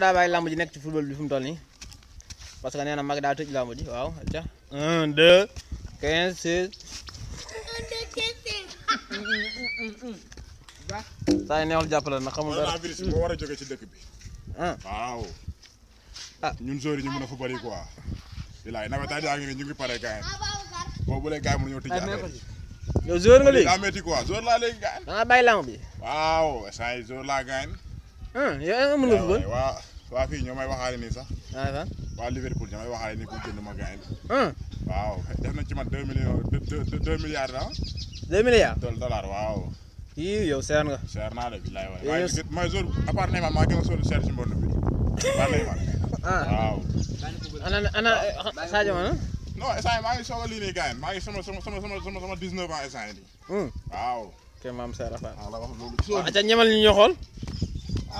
daa bàyyi làmb ji nekk ci football bi fu mu toll parce que nee na mag daa tëj làmb ji waaw ca un deux quinze seize saa yi neexul jàppale nag xamul dara virus bi war a jóge ci dëkk bi ah. waaw ah ñun joueurs yi ñu mën yi quoi bilaay nawetaan yaa ngi ah, bi waaw saa yi joueur laa ah yow amul la football waa waa fii ñoo may waxaale nii sax. waaw ah, waa Liverpool ñoo may waxaale nii pour jënd ma gaañ. Ah. waaw def nañ ci man deux millions deux milliards ah. deux milliards dollars waaw. yii yow seer nga. seer naa de billaay waay. yéen yéen mooy jour à part Neymar maa gën a sóor seer si mbond bi. waa Neymar. Ah. waaw. ana ana Sadio ma non instant yii maa ngi soog a lii nii gars yi maa ngi sama sama sama sama sama 19 ans instant yii. Hmm. waaw. kay maam Serap Fall. waaw la wax loolu. waaw ñemal ñu ñoo xool.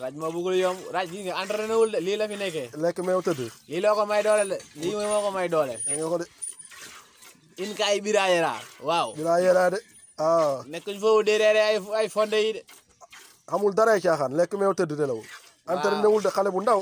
Rajma bu ko yom raj gi nga entraîné wul lii la fi nekkee. lekk meew tëdd. lii loo ko may doole de lii moo ko may doole. nga ko de. in kaay biraayera waaw. biraayera de ah. nekkuñ foofu de reere ay ay fonde yi de. xamul dara caaxaan lekk meew tëdd de la wul. waaw entraîné wul de xale bu ndaw.